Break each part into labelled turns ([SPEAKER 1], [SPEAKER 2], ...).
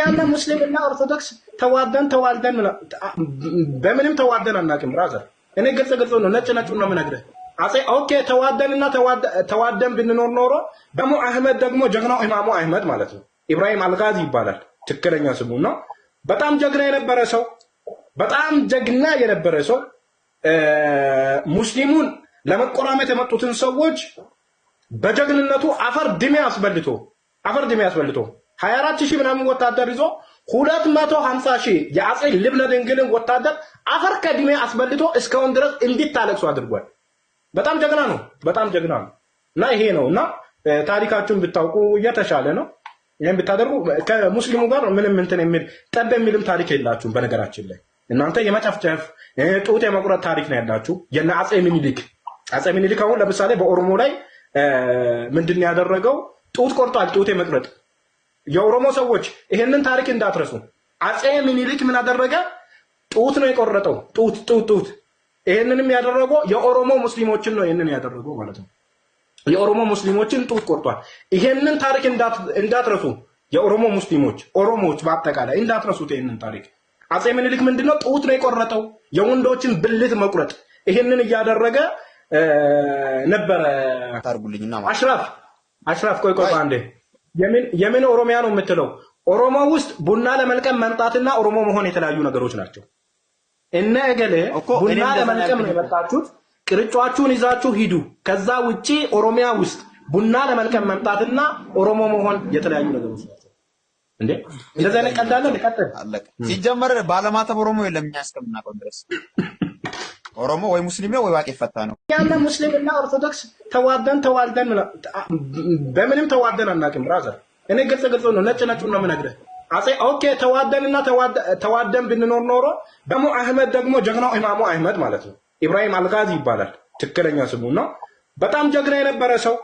[SPEAKER 1] ያለ ሙስሊምና ኦርቶዶክስ ተዋደን ተዋልደን በምንም ተዋደን አናውቅም። ራዘር እኔ ግልጽ ግልጽ ነው፣ ነጭ ነጭ ነው የምነግርህ። አጼ ኦኬ ተዋደንና ተዋደን ብንኖር ኖሮ ደግሞ አህመድ ደግሞ ጀግናው ኢማሙ አህመድ ማለት ነው ኢብራሂም አልጋዚ ይባላል ትክክለኛ ስሙ ነው። በጣም ጀግና የነበረ ሰው በጣም ጀግና የነበረ ሰው ሙስሊሙን ለመቆራመት የመጡትን ሰዎች በጀግንነቱ አፈር ድሜ አስበልቶ አፈር ድሜ አስበልቶ 24 ሺህ ምናምን ወታደር ይዞ 250 ሺህ የአጼ ልብነ ድንግልን ወታደር አፈር ከድሜ አስበልቶ እስካሁን ድረስ እንዲታለቅሱ አድርጓል። በጣም ጀግና ነው። በጣም ጀግና ነው እና ይሄ ነው እና ታሪካችሁን ብታውቁ እየተሻለ ነው። ይህን ብታደርጉ ከሙስሊሙ ጋር ምንም እንትን የሚል ጠብ የሚልም ታሪክ የላችሁም። በነገራችን ላይ እናንተ የመጨፍጨፍ ጡት የመቁረጥ ታሪክ ነው ያላችሁ። የነ አጼ ሚኒሊክ አጼ አሁን ለምሳሌ በኦሮሞ ላይ ምንድን ያደረገው ጡት ቆርጧል። ጡት የመቁረጥ የኦሮሞ ሰዎች ይሄንን ታሪክ እንዳትረሱ። አፄ ምኒልክ ምን አደረገ? ጡት ነው የቆረጠው። ጡት ጡት ጡት። ይሄንንም ያደረገው የኦሮሞ ሙስሊሞችን ነው። ይሄንን ያደረገው ማለት ነው። የኦሮሞ ሙስሊሞችን ጡት ቆርጧል። ይሄንን ታሪክ እንዳትረሱ የኦሮሞ ሙስሊሞች፣ ኦሮሞዎች በአጠቃላይ እንዳትረሱት ይሄንን ታሪክ። አፄ ምኒልክ ምንድነው ጡት ነው የቆረጠው፣ የወንዶችን ብልት መቁረጥ። ይሄንን እያደረገ ነበረ። አሽራፍ አሽራፍ፣ ቆይ ቆይ አንዴ የምን ኦሮሚያ ነው የምትለው? ኦሮሞ ውስጥ ቡና ለመልቀም መምጣትና ኦሮሞ መሆን የተለያዩ ነገሮች ናቸው። እነ እገሌ ቡና ለመልቀም ነው የመጣችሁት፣ ቅርጫችሁን ይዛችሁ ሂዱ። ከዛ ውጪ ኦሮሚያ ውስጥ ቡና ለመልቀም መምጣትና ኦሮሞ መሆን የተለያዩ ነገሮች ናቸው። እንዴ እንደዚህ አይነት ቀልድ አለ?
[SPEAKER 2] ሲጀመር ባለማተብ ኦሮሞ የለም እኛ እስከምናውቀው ድረስ ኦሮሞ ወይ ሙስሊም ነው ወይ ዋቄ ነው
[SPEAKER 1] ያለ ሙስሊምና ኦርቶዶክስ ተዋደን ተዋልደን በምንም ተዋደን አናውቅም። ብራዘር እኔ ግልጽ ግልጽ ነው፣ ነጭ ነጩ ነው የምነግርህ። አጼ ኦኬ ተዋደንና ተዋደን ብንኖር ኖሮ ደግሞ አህመድ ደግሞ ጀግናው ኢማሙ አህመድ ማለት ነው ኢብራሂም አልጋዚ ይባላል ትክክለኛ ስሙ ነው። በጣም ጀግና የነበረ ሰው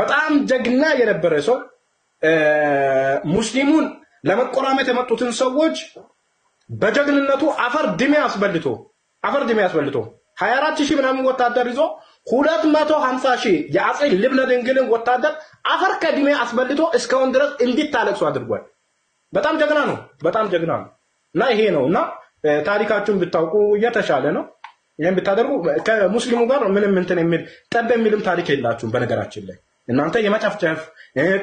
[SPEAKER 1] በጣም ጀግና የነበረ ሰው ሙስሊሙን ለመቆራመት የመጡትን ሰዎች በጀግንነቱ አፈር ድሜ አስበልቶ አፈር ድሜ ያስበልቶ 24 ሺህ ምናምን ወታደር ይዞ 250 ሺህ የአጼ ልብነ ድንግልን ወታደር አፈር ከድሜ አስበልቶ እስካሁን ድረስ እንዲታለቅሱ አድርጓል። በጣም ጀግና ነው። በጣም ጀግና ነው እና ይሄ ነው እና ታሪካችሁን ብታውቁ እየተሻለ ነው። ይህም ብታደርጉ ከሙስሊሙ ጋር ምንም እንትን የሚል ጠብ የሚልም ታሪክ የላችሁም። በነገራችን ላይ እናንተ የመጨፍጨፍ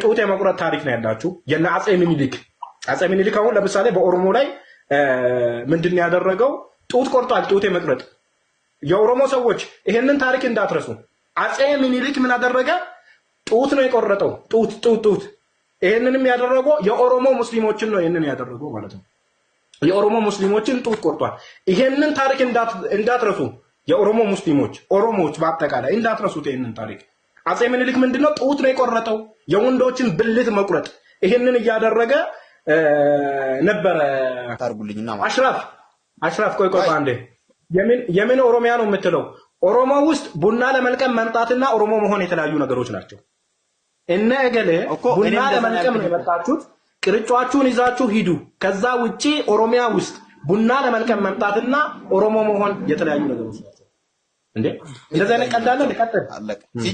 [SPEAKER 1] ጡት የመቁረጥ ታሪክ ነው ያላችሁ። የነ አጼ ምኒልክ አጼ ምኒልክ አሁን ለምሳሌ በኦሮሞ ላይ ምንድን ያደረገው ጡት ቆርጧል፣ ጡት የመቅረጥ የኦሮሞ ሰዎች ይሄንን ታሪክ እንዳትረሱ። አጼ ምኒልክ ምን አደረገ? ጡት ነው የቆረጠው። ጡት ጡት ጡት። ይሄንንም ያደረገው የኦሮሞ ሙስሊሞችን ነው። ይሄንን ያደረገው ማለት ነው። የኦሮሞ ሙስሊሞችን ጡት ቆርጧል። ይሄንን ታሪክ እንዳትረሱ የኦሮሞ ሙስሊሞች፣ ኦሮሞዎች በአጠቃላይ እንዳትረሱት ይሄንን ታሪክ። አጼ ምኒልክ ምንድነው ጡት ነው የቆረጠው፣ የወንዶችን ብልት መቁረጥ። ይሄንን እያደረገ ነበረ። አሽራፍ አሽራፍ ቆይ ቆይ አንዴ የምን ኦሮሚያ ነው የምትለው? ኦሮሞ ውስጥ ቡና ለመልቀም መምጣትና ኦሮሞ መሆን የተለያዩ ነገሮች ናቸው። እነ እገሌ ቡና ለመልቀም ነው የመጣችሁት፣ ቅርጫችሁን ይዛችሁ ሂዱ። ከዛ ውጪ ኦሮሚያ ውስጥ ቡና ለመልቀም መምጣትና ኦሮሞ መሆን የተለያዩ ነገሮች ናቸው። እንዴ እንደዚህ አይነት ቀልድ አለ?